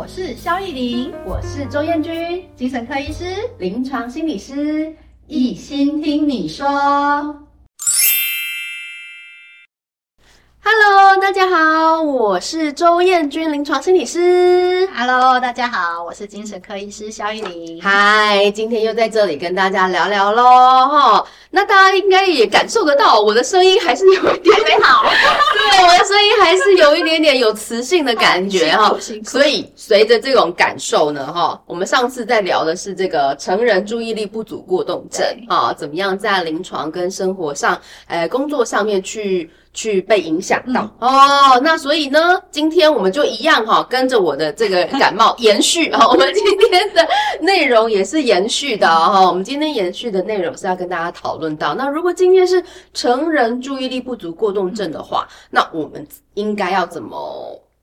我是蕭亦伶，我是周彥君，精神科醫師、臨床心理師，醫心聽你說。Hello，大家好，我是周彥君，臨床心理師。Hello，大家好，我是精神科醫師蕭亦伶。嗨，今天又在這裡跟大家聊聊嘍，那大家應該也感受得到，我的聲音還是有一點點好， 對，我的聲音還是有一點點有磁性的感覺哈、啊。所以隨着這種感受呢，哈、哦，我們上次在聊的是這個成人注意力不足過動症啊、哦，怎麼樣在臨床跟生活上，呃，工作上面去去被影響到、嗯、哦。那所以呢，今天我們就一樣哈、哦，跟着我的這個感冒延續，哈、 哦，我們今天的內容也是延續的哈、哦， 我們今天延續的內容是要跟大家討論。論到那，如果今天是成人注意力不足過動症的話，那我們應該要怎麼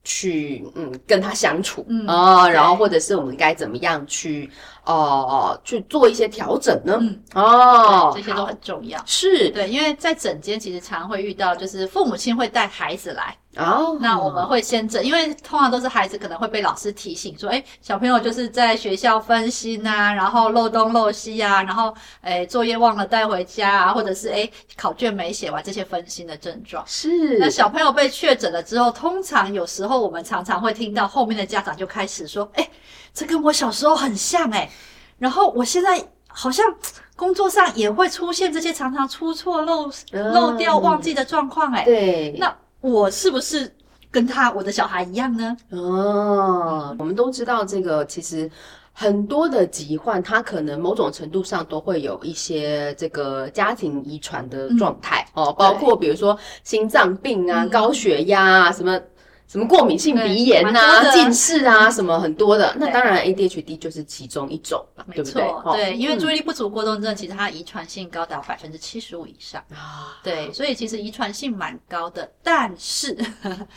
去嗯跟他相處啊、嗯哦？然後或者是我們該怎麼樣去哦、呃、去做一些調整呢、嗯？哦，這些都很重要。是對，因為在診間其實常會遇到，就是父母親會帶孩子來。哦、oh.，那我們會先整。因為通常都是孩子可能會被老師提醒說，哎，小朋友就是在學校分心吶、啊，然後漏東漏西啊，然後，誒，作業忘了帶回家啊，或者是，誒，考卷沒寫完，這些分心的症狀。是。那小朋友被確診了之後，通常有時候我們常常會聽到後面的家長就開始說，哎，這跟我小時候很像哎、欸，然後我現在好像工作上也會出現這些常常出錯漏、漏漏掉、忘記的狀況哎、欸。Oh. 對。那。我是不是跟他我的小孩一樣呢？哦，我們都知道這個其實很多的疾患，它可能某種程度上都會有一些這個家庭遺傳的狀態、嗯、哦，包括比如說心臟病啊、嗯、高血壓啊、嗯、什麼。什麼過敏性鼻炎吶、啊、近視啊，什麼很多的。那當然，ADHD 就是其中一種了，沒錯，對不對？對、嗯，因為注意力不足過動症，其實它遺傳性高達百分之七十五以上。啊，對，所以其實遺傳性蠻高的，但是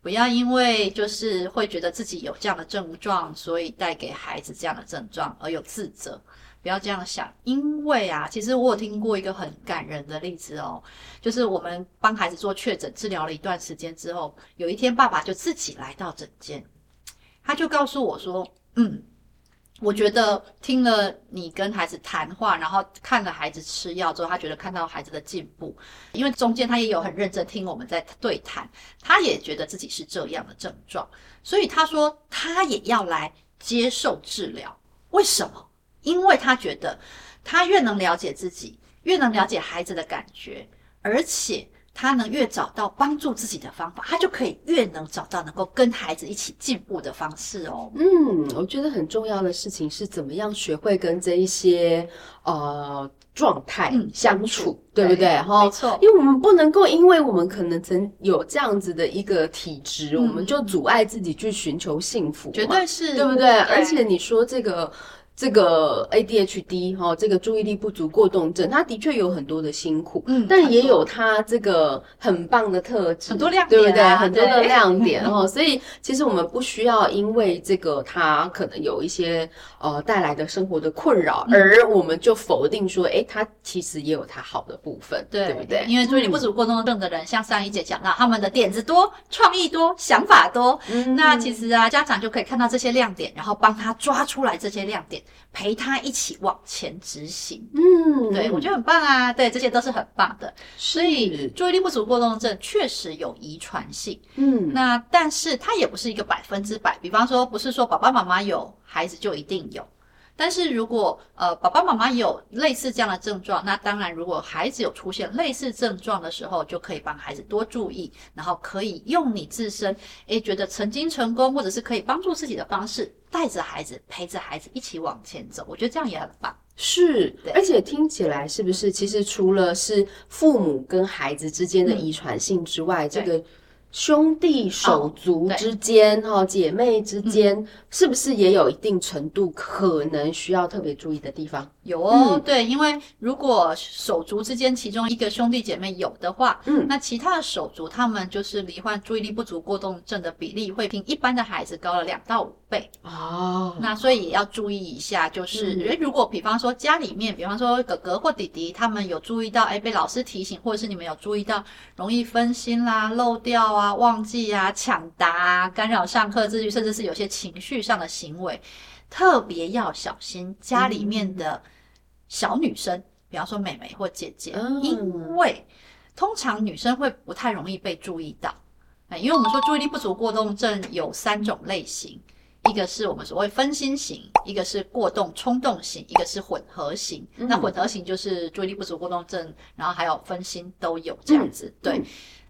不要因為就是會覺得自己有這樣的症狀，所以帶給孩子這樣的症狀而有自責。不要這樣想，因為啊，其實我有聽過一個很感人的例子哦，就是我們幫孩子做確診治療了一段時間之後，有一天爸爸就自己來到診間，他就告訴我說：“嗯，我覺得聽了你跟孩子談話，然後看了孩子吃藥之後，他覺得看到孩子的進步，因為中間他也有很認真聽我們在對談，他也覺得自己是這樣的症狀，所以他說他也要來接受治療，為什麼？”因為他覺得，他越能了解自己，越能了解孩子的感覺，而且他能越找到幫助自己的方法，他就可以越能找到能夠跟孩子一起進步的方式哦。嗯，我覺得很重要的事情是怎麼樣學會跟這一些呃狀態相處，嗯、對不對？哈，沒錯。因為我們不能夠，因為我們可能曾有這樣子的一個體質，嗯、我們就阻礙自己去尋求幸福，絕對是，對不對？嗯、而且你說這個。這個 ADHD 哈、哦，這個注意力不足過動症，他的確有很多的辛苦，嗯，但也有他這個很棒的特質，很多亮點、啊，對不對？很多的亮點哈、哦，所以其實我們不需要因為這個他可能有一些呃帶來的生活的困擾、嗯，而我們就否定說，誒，他其實也有他好的部分對，對不對？因為注意力不足過動症的人、嗯，像亦伶姐講到，他們的點子多、創意多、想法多，嗯，那其實啊，家長就可以看到這些亮點，然後幫他抓出來這些亮點。陪他一起往前執行，嗯，對，我覺得很棒啊，對，這些都是很棒的。所以注意力不足過動症確實有遺傳性，嗯，那但是它也不是一個百分之百，比方說，不是說爸爸媽媽有孩子就一定有。但是如果呃，爸爸媽媽有類似這樣的症狀，那當然，如果孩子有出現類似症狀的時候，就可以幫孩子多注意，然後可以用你自身誒覺得曾經成功或者是可以幫助自己的方式，帶着孩子，陪着孩子一起往前走。我覺得這樣也很棒。是，而且聽起來是不是？其實除了是父母跟孩子之間的遺傳性之外，嗯、這個。兄弟手足之間，哈、哦，姐妹之間、嗯，是不是也有一定程度可能需要特別注意的地方？有哦、嗯，對，因為如果手足之間其中一個兄弟姐妹有的話，嗯，那其他的手足他們就是罹患注意力不足過動症的比例會比一般的孩子高了兩到五倍啊。哦啊、所以也要注意一下，就是、嗯，如果比方說家裡面，比方說哥哥或弟弟，他們有注意到，哎，被老師提醒，或者是你們有注意到容易分心啦、啊、漏掉啊、忘記啊、搶答、啊、干擾上課秩序，甚至是有些情緒上的行為，特別要小心家裡面的小女生，嗯、比方說妹妹或姐姐，嗯、因為通常女生會不太容易被注意到、哎，因為我們說注意力不足過動症有三種類型。一個是我們所謂分心型，一個是過動衝動型，一個是混合型。那混合型就是注意力不足過動症、嗯，然後還有分心都有這樣子、嗯。對，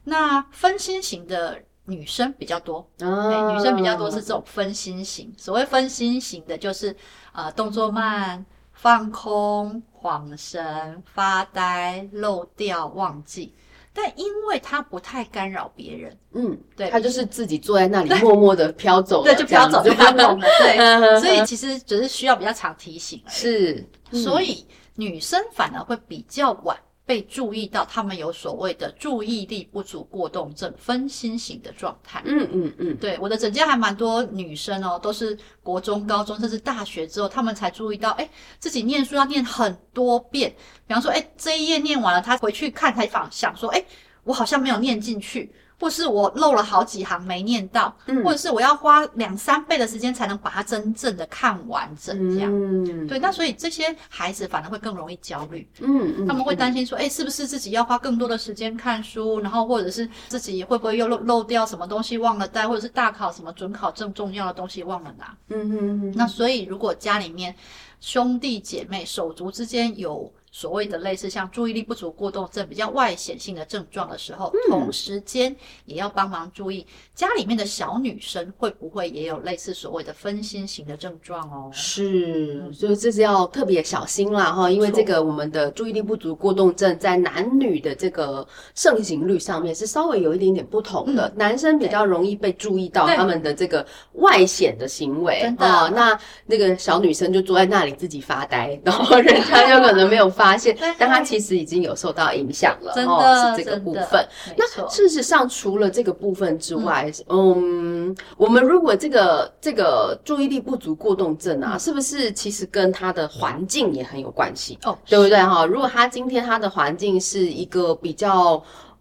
那分心型的女生比較多、啊，女生比較多是這種分心型。所謂分心型的就是，呃，動作慢、放空、恍神、發呆、漏掉、忘記。但因為他不太干擾別人，嗯，對，他就是自己坐在那裡默默的飄走了，對，對，就飄走就飄走了， 對， 所以其實只是需要比較常提醒而已，是、嗯，所以女生反而會比較晚。被注意到，他們有所謂的注意力不足過動症分心型的狀態，嗯。嗯嗯嗯，對，我的診間還蠻多女生哦，都是國中、高中，甚至大學之後，他們才注意到，誒、欸，自己念書要念很多遍。比方說，誒、欸，這一頁念完了，他回去看才想說，誒、欸，我好像沒有念進去。或是我漏了好幾行沒念到，嗯、或者是我要花兩三倍的時間才能把它真正的看完整這樣、嗯。對，那所以這些孩子反而會更容易焦慮、嗯嗯，嗯，他們會擔心說，誒、欸，是不是自己要花更多的時間看書，然後或者是自己會不會又漏漏掉什麼東西忘了帶，或者是大考什麼准考證重要的東西忘了拿。嗯嗯嗯，嗯。那所以如果家裡面兄弟姐妹、手足之間有所謂的類似像注意力不足過動症比較外顯性的症狀的時候、嗯，同時間也要幫忙注意家裡面的小女生會不會也有類似所謂的分心型的症狀哦。是，所以這是要特別小心啦。哈、嗯，因為這個我們的注意力不足過動症在男女的這個盛行率上面是稍微有一點點不同的，嗯、男生比較容易被注意到他們的這個外顯的行為，啊、真的、啊啊。那那個小女生就坐在那裡。自己發呆，然後人家就可能沒有發現， 但他其實已經有受到影響了。哦，是這個部分。那事實上，除了這個部分之外，嗯，嗯我們如果這個這個注意力不足過動症啊，嗯、是不是其實跟他的環境也很有關係？哦，對不對？哈，如果他今天他的環境是一個比較。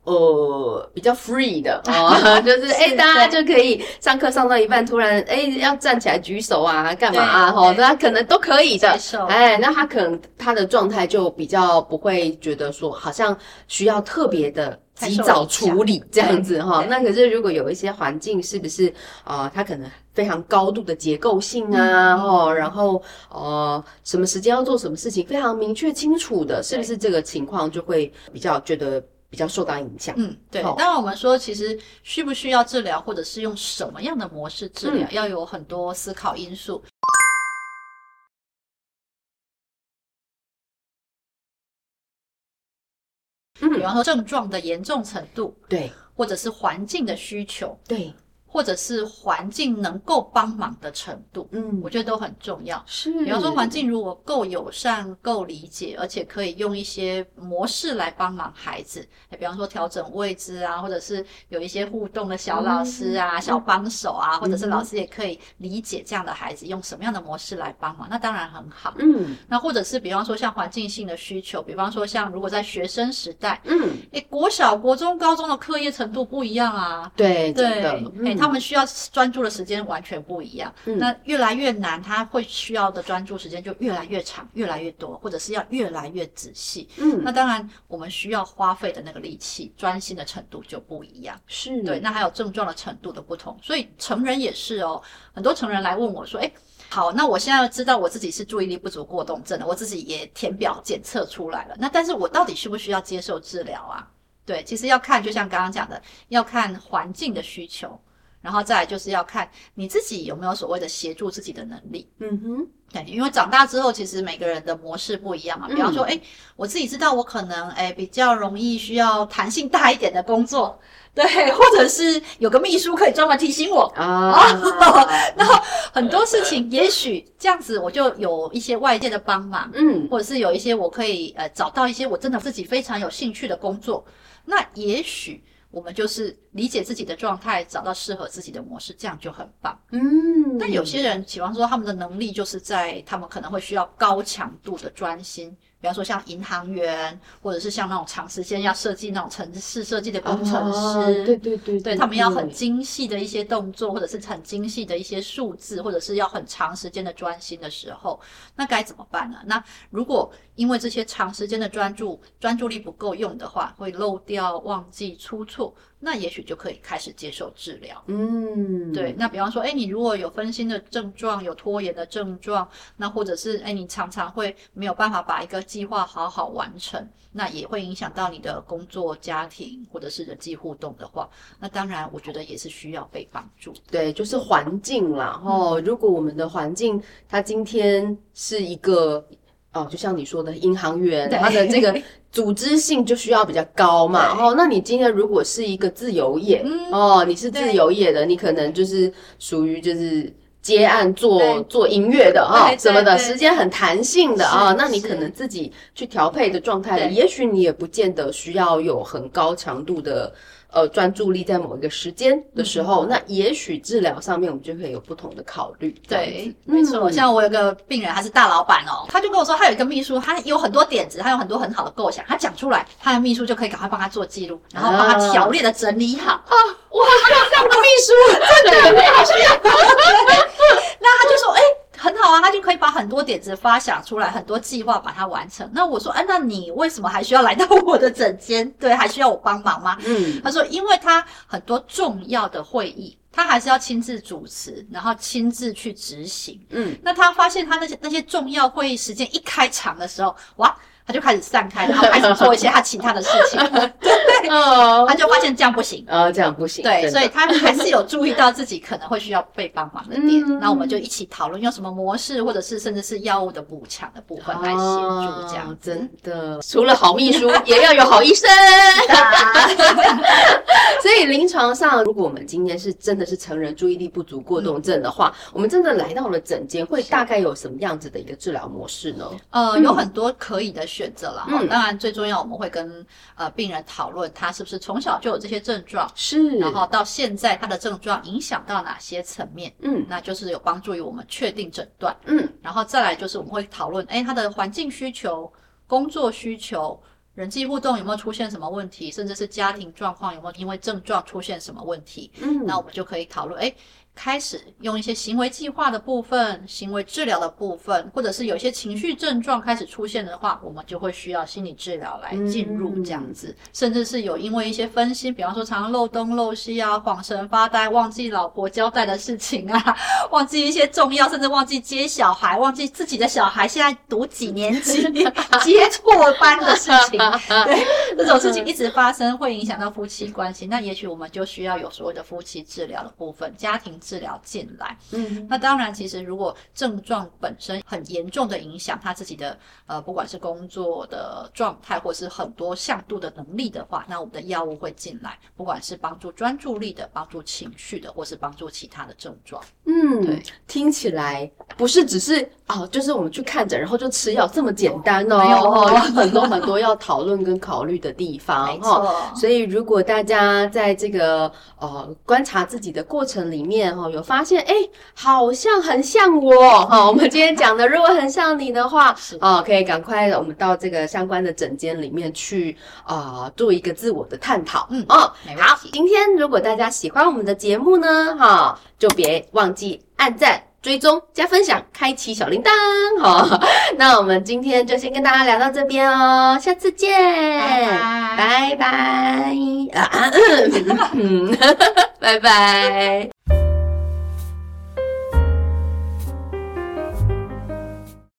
呃，比較 free 的， 哦，就是哎、 欸，大家就可以上課上到一半，突然哎、欸、要站起來舉手啊，幹嘛啊？哈，哦、大家可能都可以的，舉手。哎、欸，那他可能他的狀態就比較不會覺得說，好像需要特別的及早處理這樣子哈、哦。那可是如果有一些環境，是不是啊、呃？他可能非常高度的結構性啊，哈、嗯哦，然後哦、呃，什麼時間要做什麼事情，非常明確清楚的，是不是這個情況就會比較覺得。比較受到影響。嗯，對。哦。當然，我們說其實需不需要治療，或者是用什麼樣的模式治療，嗯，要有很多思考因素。嗯，比方說症狀的嚴重程度，對，或者是環境的需求，對。或者是環境能夠幫忙的程度，嗯，我覺得都很重要。是，比方說環境如果夠友善、夠理解，而且可以用一些模式來幫忙孩子，比方說調整位置啊，或者是有一些互動的小老師啊、嗯、小幫手啊、嗯，或者是老師也可以理解這樣的孩子，用什麼樣的模式來幫忙，那當然很好。嗯，那或者是比方說像環境性的需求，比方說像如果在學生時代，嗯，哎、欸，國小、國中、高中的課業程度不一樣啊，對，對對、嗯。他們需要專注的時間完全不一樣。嗯，那越來越難，他會需要的專注時間就越來越長、越來越多，或者是要越來越仔細。嗯，那當然，我們需要花費的那個力氣、專心的程度就不一樣。是。對，那還有症狀的程度的不同。所以成人也是哦，很多成人來問我說：“誒，好，那我現在要知道我自己是注意力不足過動症的，我自己也填表檢測出來了。那但是我到底需不需要接受治療啊？”對，其實要看，就像剛剛講的，要看環境的需求。然後再來就是要看你自己有沒有所謂的協助自己的能力。嗯哼，對，因為長大之後，其實每個人的模式不一樣嘛。嗯、比方說，哎，我自己知道我可能哎比較容易需要彈性大一點的工作，對，或者是有個秘書可以專門提醒我啊，啊，啊、嗯。然後很多事情，也許這樣子我就有一些外界的幫忙，嗯，或者是有一些我可以呃找到一些我真的自己非常有興趣的工作，那也許。我們就是理解自己的狀態，找到適合自己的模式，這樣就很棒。嗯，但有些人喜歡說他們的能力就是在，他們可能會需要高強度的專心。比方說像銀行員，或者是像那種長時間要設計那種城市設計的工程師，對，對對對，他們要很精細的一些動作，或者是很精細的一些數字，或者是要很長時間的專心的時候，那該怎麼辦呢？那如果因為這些長時間的專注，專注力不夠用的話，會漏掉、忘記、出錯，那也許就可以開始接受治療。嗯，對。那比方說，誒，你如果有分心的症狀，有拖延的症狀，那或者是誒，你常常會沒有辦法把一個計劃好好完成，那也會影響到你的工作、家庭或者是人際互動的話，那當然我覺得也是需要被幫助。對，就是環境啦、嗯。哦，如果我們的環境，它今天是一個哦，就像你說的銀行員，他的這個組織性就需要比較高嘛。哦，那你今天如果是一個自由業、嗯，哦，你是自由業的，你可能就是屬於就是。接案做 yeah, 做音樂的啊，什麼的，對對對，時間很彈性的，對對對啊？那你可能自己去調配的狀態了，也許你也不見得需要有很高強度的。呃，專注力在某一個時間的時候，嗯、那也許治療上面我們就會有不同的考慮。對，沒錯、嗯。像我有個病人，他是大老闆哦、喔，他就跟我說，他有一個秘書，他有很多點子，他有很多很好的構想，他講出來，他的秘書就可以趕快幫他做記錄，然後幫他條列的整理好。啊啊、我，像個、啊、對對對我好像這樣的秘書，真的嗎？那他就說，哎、欸。很好啊，他就可以把很多點子發想出來，很多計劃把它完成。那我說，啊，那你為什麼還需要來到我的診間？對，還需要我幫忙嗎？嗯，他說，因為他很多重要的會議，他還是要親自主持，然後親自去執行。嗯，那他發現他那些那些重要會議時間一開場的時候，哇！他就開始散開，然後開始做一些他其他的事情。 對，他就發現這樣不行，呃、 哦、這樣不行。對，所以他還是有注意到自己可能會需要被幫忙的點。那、 嗯、我們就一起討論用什麼模式，或者是甚至是藥物的補強的部分來協助這樣、啊。真的，除了好秘書， 也要有好醫生。 所以臨床上，如果我們今天是真的是成人注意力不足過動症的話，嗯、我們真的來到了診間，會大概有什麼樣子的一個治療模式呢、嗯？呃，有很多可以的。選擇了哈，當然最重要，我們會跟呃病人討論他是不是從小就有這些症狀，是，然後到現在他的症狀影響到哪些層面，嗯，那就是有幫助於我們確定診斷，嗯，然後再來就是我們會討論，誒、哎，他的環境需求、工作需求、人際互動有沒有出現什麼問題，甚至是家庭狀況有沒有因為症狀出現什麼問題，嗯，那我們就可以討論，誒、哎。開始用一些行為計劃的部分，行為治療的部分，或者是有些情緒症狀開始出現的話，我們就會需要心理治療來進入這樣子。嗯、甚至是有因為一些分心，比方說常常漏東漏西啊、晃神、發呆、忘記老婆交代的事情啊、忘記一些重要，甚至忘記接小孩、忘記自己的小孩現在讀幾年級、 接錯班的事情。 對，這種事情一直發生， 會影響到夫妻關係。那也許我們就需要有所謂的夫妻治療的部分、家庭。治療進來，嗯，那當然，其實如果症狀本身很嚴重的影響他自己的，呃，不管是工作的狀態，或是很多向度的能力的話，那我們的藥物會進來，不管是幫助專注力的，幫助情緒的，或是幫助其他的症狀，嗯，對，聽起來。不是只是啊，就是我們去看診，然後就吃藥這麼簡單哦，哦？有很多很多要討論跟考慮的地方哈、哦。沒錯。所以如果大家在這個呃觀察自己的過程裡面哈、哦，有發現哎，好像很像我哈，哦、 我們今天講的如果很像你的話，啊、哦，可以趕快我們到這個相關的診間裡面去啊、呃，做一個自我的探討。嗯啊、哦，好，今天如果大家喜歡我們的節目呢，哈、哦，就別忘記按讚。追蹤加分享，開啟小鈴鐺。好，那我們今天就先跟大家聊到這邊哦，下次見，拜拜，拜拜，拜拜。啊 拜拜。